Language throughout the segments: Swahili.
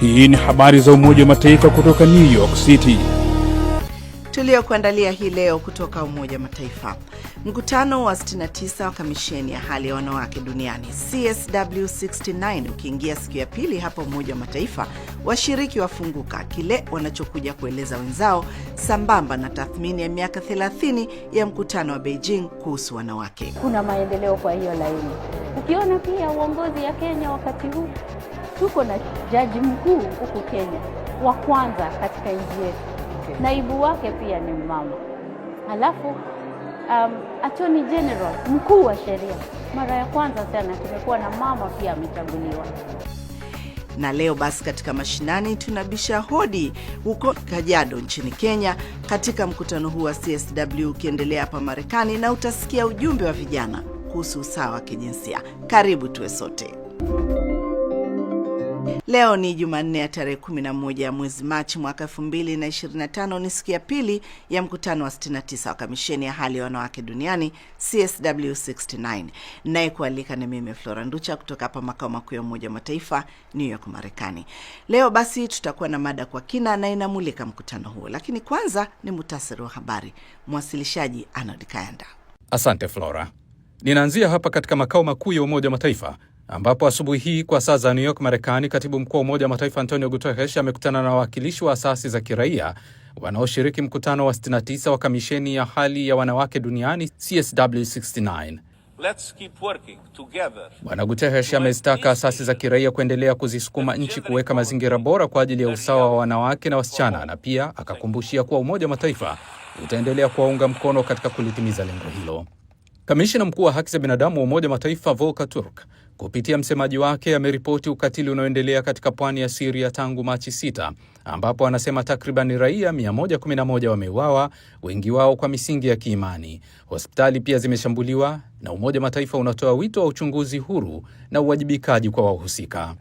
Hii ni habari za Umoja wa Mataifa kutoka New York City tuliyokuandalia hii leo kutoka Umoja wa Mataifa. Mkutano wa 69 wa kamisheni ya hali ya wanawake duniani CSW69 ukiingia siku ya pili hapa Umoja wa Mataifa, washiriki wafunguka kile wanachokuja kueleza wenzao, sambamba na tathmini ya miaka 30 ya mkutano wa Beijing kuhusu wanawake. Kuna maendeleo kwa hiyo laini, ukiona pia uongozi ya Kenya wakati huu tuko na jaji mkuu huku Kenya wa kwanza katika nchi yetu okay. Naibu wake pia ni mama, alafu um, attorney general mkuu wa sheria. Mara ya kwanza sana tumekuwa na mama pia amechaguliwa. Na leo basi, katika mashinani tunabisha hodi huko kajado nchini Kenya, katika mkutano huu wa CSW ukiendelea hapa Marekani, na utasikia ujumbe wa vijana kuhusu usawa wa kijinsia. Karibu tuwe sote. Leo ni Jumanne ya tarehe 11 ya mwezi Machi mwaka 2025. Ni siku ya pili ya mkutano wa 69 wa kamisheni ya hali ya wanawake duniani CSW69. Naye kualika ni mimi Flora Nducha kutoka hapa makao makuu ya Umoja wa Mataifa, New York, Marekani. Leo basi tutakuwa na mada kwa kina na inamulika mkutano huo, lakini kwanza ni muhtasari wa habari. Mwasilishaji Arnold Kayanda. Asante Flora. Ninaanzia hapa katika makao makuu ya Umoja wa Mataifa ambapo asubuhi hii kwa saa za New York Marekani, katibu mkuu wa Umoja wa Mataifa Antonio Guterres amekutana na wawakilishi wa asasi za kiraia wanaoshiriki mkutano wa 69 wa kamisheni ya hali ya wanawake duniani CSW69. Bwana Guterres amezitaka asasi za kiraia kuendelea kuzisukuma nchi kuweka mazingira bora kwa ajili ya usawa wa wanawake na wasichana, na pia akakumbushia kuwa Umoja wa Mataifa utaendelea kuwaunga mkono katika kulitimiza lengo hilo. Kamishina mkuu wa haki za binadamu wa Umoja wa Mataifa Volker Turk kupitia msemaji wake ameripoti ukatili unaoendelea katika pwani ya Siria tangu Machi 6 ambapo anasema takribani raia 111 wameuawa, wengi wao kwa misingi ya kiimani. Hospitali pia zimeshambuliwa na Umoja wa Mataifa unatoa wito wa uchunguzi huru na uwajibikaji kwa wahusika.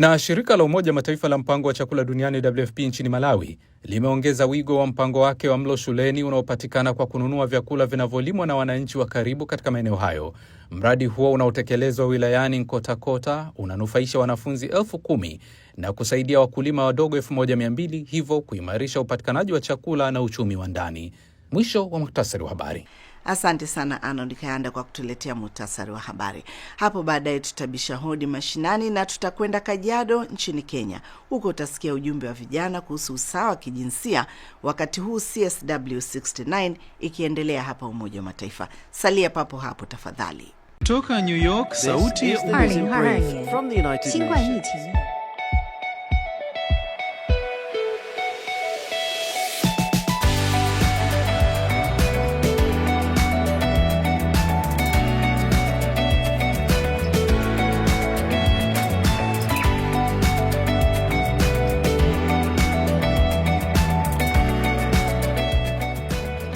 Na shirika la Umoja Mataifa la mpango wa chakula duniani WFP nchini Malawi limeongeza wigo wa mpango wake wa mlo shuleni unaopatikana kwa kununua vyakula vinavyolimwa na wananchi wa karibu katika maeneo hayo. Mradi huo unaotekelezwa wilayani Nkotakota unanufaisha wanafunzi elfu kumi na kusaidia wakulima wadogo elfu moja mia mbili hivyo kuimarisha upatikanaji wa chakula na uchumi wa ndani. Mwisho wa muhtasari wa habari. Asante sana Arnold Kayanda kwa kutuletea muhtasari wa habari. Hapo baadaye tutabisha hodi mashinani na tutakwenda Kajiado nchini Kenya. Huko utasikia ujumbe wa vijana kuhusu usawa wa kijinsia, wakati huu CSW 69 ikiendelea hapa Umoja wa Mataifa. Salia papo hapo tafadhali. Toka New York, sauti ya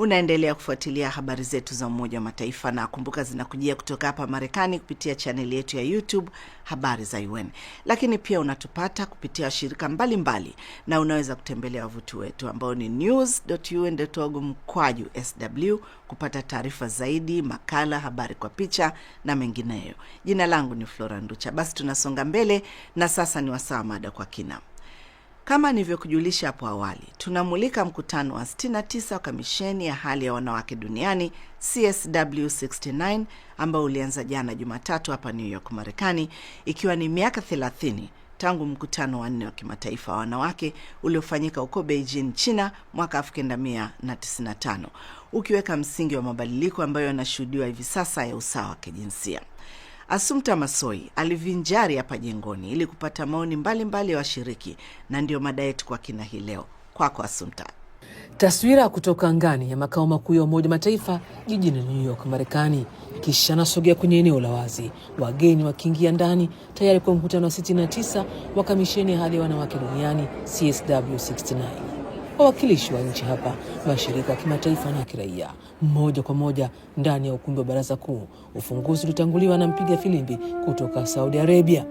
Unaendelea kufuatilia habari zetu za Umoja wa Mataifa na kumbuka, zinakujia kutoka hapa Marekani kupitia chaneli yetu ya YouTube habari za UN, lakini pia unatupata kupitia washirika mbalimbali, na unaweza kutembelea wavuti wetu ambao ni news.un.org mkwaju sw kupata taarifa zaidi, makala, habari kwa picha na mengineyo. Jina langu ni Flora Nducha. Basi tunasonga mbele na sasa ni wasawa mada kwa kina. Kama nilivyokujulisha hapo awali, tunamulika mkutano wa 69 wa kamisheni ya hali ya wanawake duniani CSW69 ambao ulianza jana Jumatatu hapa New York, Marekani, ikiwa ni miaka 30 tangu mkutano wa nne wa kimataifa wa wanawake uliofanyika huko Beijing, China mwaka 1995 ukiweka msingi wa mabadiliko ambayo yanashuhudiwa hivi sasa ya usawa wa kijinsia asumta masoi alivinjari hapa jengoni ili kupata maoni mbalimbali ya washiriki, na ndiyo mada yetu kwa kina hii leo. Kwako asumta Taswira kutoka ngani ya makao makuu ya Umoja Mataifa jijini New York, Marekani. Kisha anasogea kwenye eneo la wazi, wageni wakiingia ndani tayari kwa mkutano wa 69 wa kamisheni ya hali ya wanawake duniani CSW 69 wawakilishi wa nchi hapa, mashirika ya kimataifa na kiraia, moja kwa moja ndani ya ukumbi wa baraza kuu. Ufunguzi ulitanguliwa na mpiga filimbi kutoka Saudi Arabia.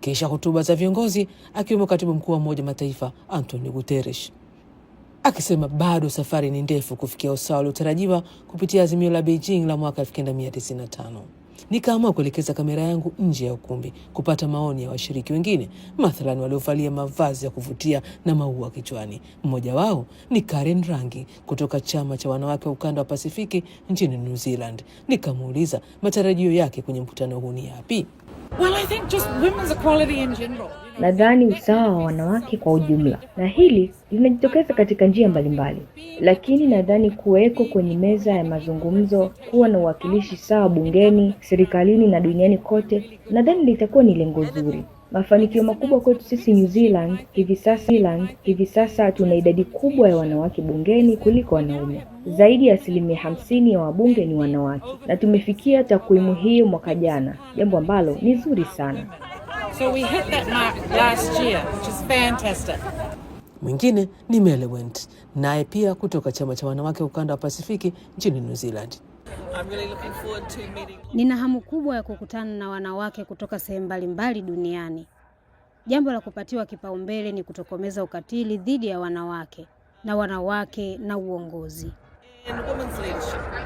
Kisha hotuba za viongozi akiwemo katibu mkuu wa Umoja wa Mataifa Antonio Guterres akisema bado safari ni ndefu kufikia usawa uliotarajiwa kupitia azimio la Beijing la mwaka 1995. Nikaamua kuelekeza kamera yangu nje ya ukumbi kupata maoni ya washiriki wengine, mathalani waliovalia mavazi ya kuvutia na maua kichwani. Mmoja wao ni Karen Rangi kutoka chama cha wanawake wa ukanda wa Pasifiki nchini New Zealand. Nikamuuliza matarajio yake kwenye mkutano huu ni yapi. Nadhani usawa wa wanawake kwa ujumla, na hili linajitokeza katika njia mbalimbali mbali. Lakini nadhani kuweko kwenye meza ya mazungumzo, kuwa na uwakilishi sawa bungeni, serikalini na duniani kote, nadhani litakuwa ni lengo zuri. Mafanikio makubwa kwetu sisi New Zealand hivi sasa, Zealand, hivi sasa tuna idadi kubwa ya wanawake bungeni kuliko wanaume. Zaidi ya asilimia hamsini ya wabunge ni wanawake na tumefikia takwimu hiyo mwaka jana, jambo ambalo ni zuri sana. So we hit that mark last year, which is fantastic. Mwingine ni Melewent naye pia kutoka chama cha wanawake ukanda wa Pasifiki nchini New Zealand. Nina hamu kubwa ya kukutana na wanawake kutoka sehemu mbalimbali duniani. Jambo la kupatiwa kipaumbele ni kutokomeza ukatili dhidi ya wanawake na wanawake na uongozi.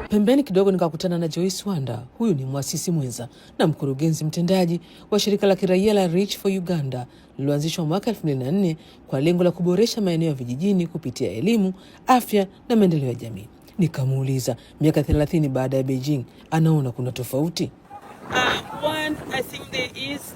Pembeni kidogo nikakutana na Joyce Wanda. Huyu ni mwasisi mwenza na mkurugenzi mtendaji wa shirika la kiraia la Reach for Uganda lililoanzishwa mwaka 2004 kwa lengo la kuboresha maeneo ya vijijini kupitia elimu, afya na maendeleo ya jamii. Nikamuuliza miaka 30 baada ya Beijing anaona kuna tofauti. Uh, one, I think there is,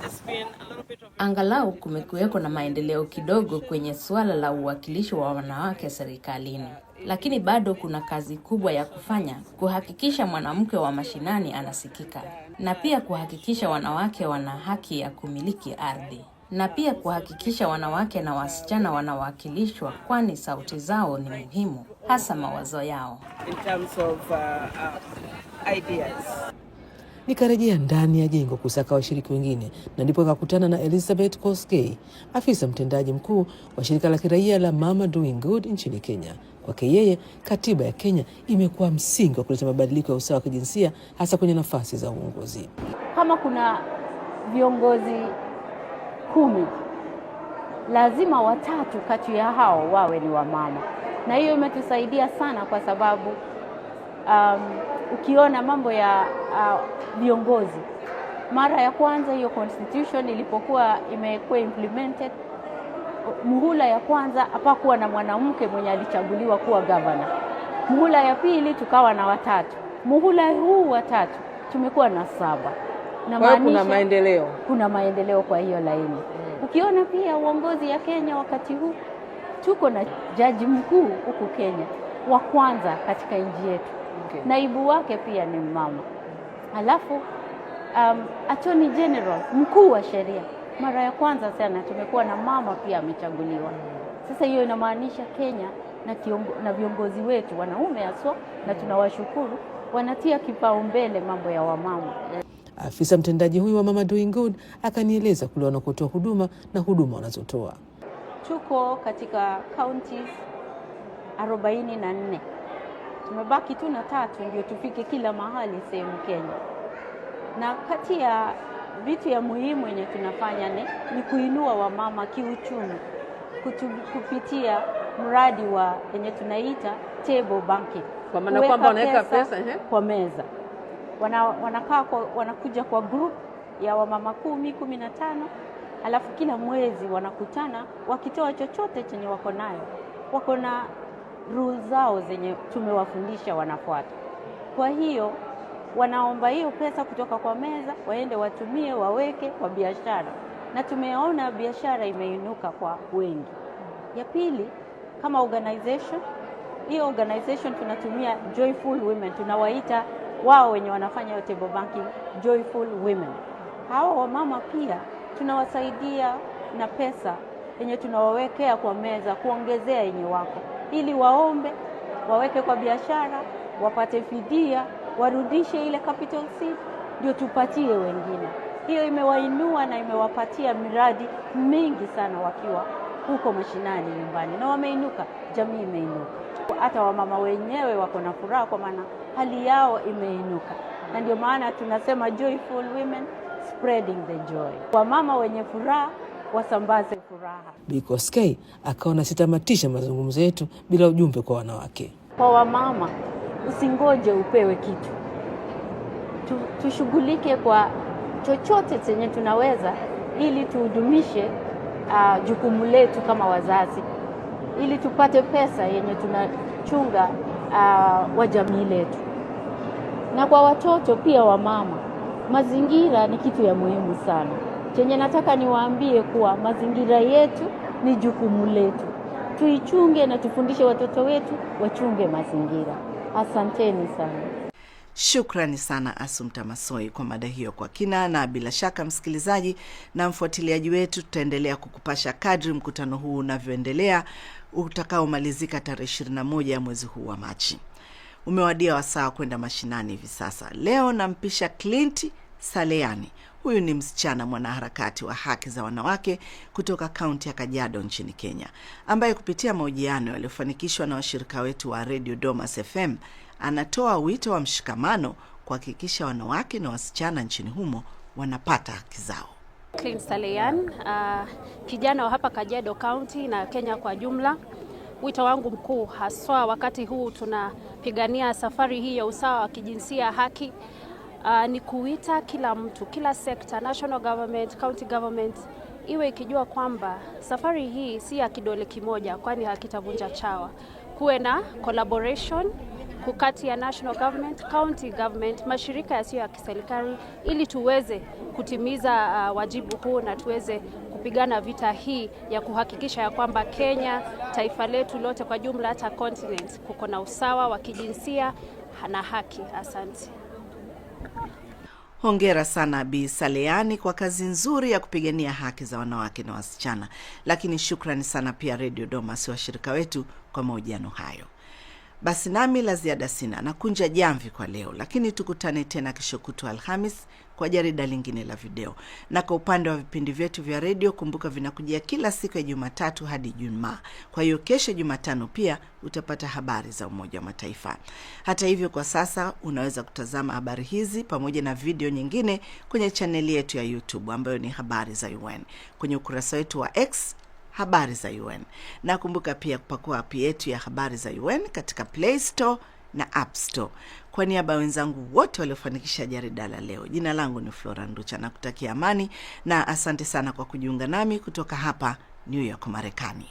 bit of... Angalau kumekuweko na maendeleo kidogo kwenye suala la uwakilishi wa wanawake serikalini, lakini bado kuna kazi kubwa ya kufanya kuhakikisha mwanamke wa mashinani anasikika na pia kuhakikisha wanawake wana haki ya kumiliki ardhi na pia kuhakikisha wanawake na wasichana wanawakilishwa, kwani sauti zao ni muhimu hasa mawazo yao. In terms of, uh, uh, ideas. Nikarejea ndani ya jengo kusaka washiriki wengine na ndipo akakutana na Elizabeth Koskei, afisa mtendaji mkuu wa shirika la kiraia la Mama Doing Good nchini Kenya. Kwake yeye, katiba ya Kenya imekuwa msingi wa kuleta mabadiliko ya usawa wa kijinsia hasa kwenye nafasi za uongozi. Kama kuna viongozi kumi, lazima watatu kati ya hao wawe ni wamama na hiyo imetusaidia sana kwa sababu um, ukiona mambo ya uh, viongozi uh, mara ya kwanza hiyo constitution ilipokuwa imekuwa implemented muhula ya kwanza hapakuwa na mwanamke mwenye alichaguliwa kuwa gavana. Muhula ya pili tukawa na watatu, muhula huu watatu tumekuwa na saba. Namaanisha kuna maendeleo, kuna maendeleo kwa hiyo laini. Ukiona pia uongozi ya Kenya wakati huu tuko na jaji mkuu huku Kenya wa kwanza katika nchi yetu okay. Naibu wake pia ni mama, alafu um, attorney general mkuu wa sheria, mara ya kwanza sana tumekuwa na mama pia amechaguliwa. Sasa hiyo inamaanisha Kenya na, kiongo, na viongozi wetu wanaume haswa, na tunawashukuru wanatia kipaumbele mambo ya wamama. Afisa mtendaji huyu wa Mama Doing Good akanieleza kule wanakotoa huduma na huduma wanazotoa tuko katika counties 44 tumebaki tu na tatu ndio tufike kila mahali sehemu Kenya. Na kati ya vitu ya muhimu yenye tunafanya ni, ni kuinua wamama kiuchumi kupitia mradi wa yenye tunaita table banking, kwa maana kwamba wanaweka pesa, pesa eh? kwa meza wana, wanakaa kwa, wanakuja kwa group ya wamama kumi kumi na tano alafu kila mwezi wanakutana wakitoa chochote chenye wako nayo, wako na rules zao zenye tumewafundisha wanafuata. Kwa hiyo wanaomba hiyo pesa kutoka kwa meza, waende watumie, waweke kwa biashara, na tumeona biashara imeinuka kwa wengi. Ya pili, kama organization, hiyo organization tunatumia Joyful Women, tunawaita wao wenye wanafanya hiyo table banking Joyful Women. Hawa wamama pia tunawasaidia na pesa yenye tunawawekea kwa meza kuongezea yenye wako, ili waombe waweke kwa biashara, wapate fidia, warudishe ile capital seed, ndio tupatie wengine. Hiyo imewainua na imewapatia miradi mingi sana wakiwa huko mashinani nyumbani, na wameinuka, jamii imeinuka. Hata wamama wenyewe wako na furaha, kwa maana hali yao imeinuka, na ndio maana tunasema joyful women spreading the joy. mama wenye furaha wasambaze furaha. Bikoskai akawa nasitamatisha mazungumzo yetu bila ujumbe kwa wanawake. Kwa wamama, usingoje upewe kitu tu, tushughulike kwa chochote chenye tunaweza ili tuhudumishe uh, jukumu letu kama wazazi ili tupate pesa yenye tunachunga uh, wa jamii letu na kwa watoto pia wamama mazingira ni kitu ya muhimu sana. Chenye nataka niwaambie kuwa mazingira yetu ni jukumu letu, tuichunge na tufundishe watoto wetu wachunge mazingira. Asanteni sana. Shukrani sana Asumta Masoi kwa mada hiyo kwa kina, na bila shaka msikilizaji na mfuatiliaji wetu, tutaendelea kukupasha kadri mkutano huu unavyoendelea utakaomalizika tarehe 21 ya mwezi huu wa Machi umewadia wasaa kwenda mashinani hivi sasa. Leo nampisha Clint Saleani. Huyu ni msichana mwanaharakati wa haki za wanawake kutoka kaunti ya kajado nchini Kenya, ambaye kupitia mahojiano yaliyofanikishwa na washirika wetu wa Radio Domas FM anatoa wito wa mshikamano kuhakikisha wanawake na wasichana nchini humo wanapata haki zao. uh, kijana wa hapa kajado County na Kenya kwa jumla wito wangu mkuu haswa wakati huu tunapigania safari hii ya usawa wa kijinsia haki, uh, ni kuita kila mtu, kila sekta, national government, county government iwe ikijua kwamba safari hii si ya kidole kimoja, kwani hakitavunja chawa. Kuwe na collaboration kati ya national government, county government, mashirika yasiyo ya kiserikali ili tuweze kutimiza uh, wajibu huu na tuweze kupigana vita hii ya kuhakikisha ya kwamba Kenya, taifa letu lote kwa jumla, hata continent, kuko na usawa wa kijinsia na haki. Asante. Hongera sana Bi Saleani kwa kazi nzuri ya kupigania haki za wanawake na wasichana. Lakini shukrani sana pia Radio Doma, si washirika wetu kwa mahojiano hayo. Basi nami la ziada sina, nakunja jamvi kwa leo, lakini tukutane tena kesho kutwa Alhamis kwa jarida lingine la video. Na kwa upande wa vipindi vyetu vya redio, kumbuka vinakujia kila siku ya Jumatatu hadi Jumaa. Kwa hiyo kesho Jumatano pia utapata habari za Umoja wa Mataifa. Hata hivyo, kwa sasa unaweza kutazama habari hizi pamoja na video nyingine kwenye chaneli yetu ya YouTube ambayo ni habari za UN kwenye ukurasa wetu wa X habari za UN. Nakumbuka pia kupakua app yetu ya habari za UN katika Play Store na App Store. Kwa niaba ya wenzangu wote waliofanikisha jarida la leo, jina langu ni Flora Nducha na kutakia amani na asante sana kwa kujiunga nami kutoka hapa New York, Marekani.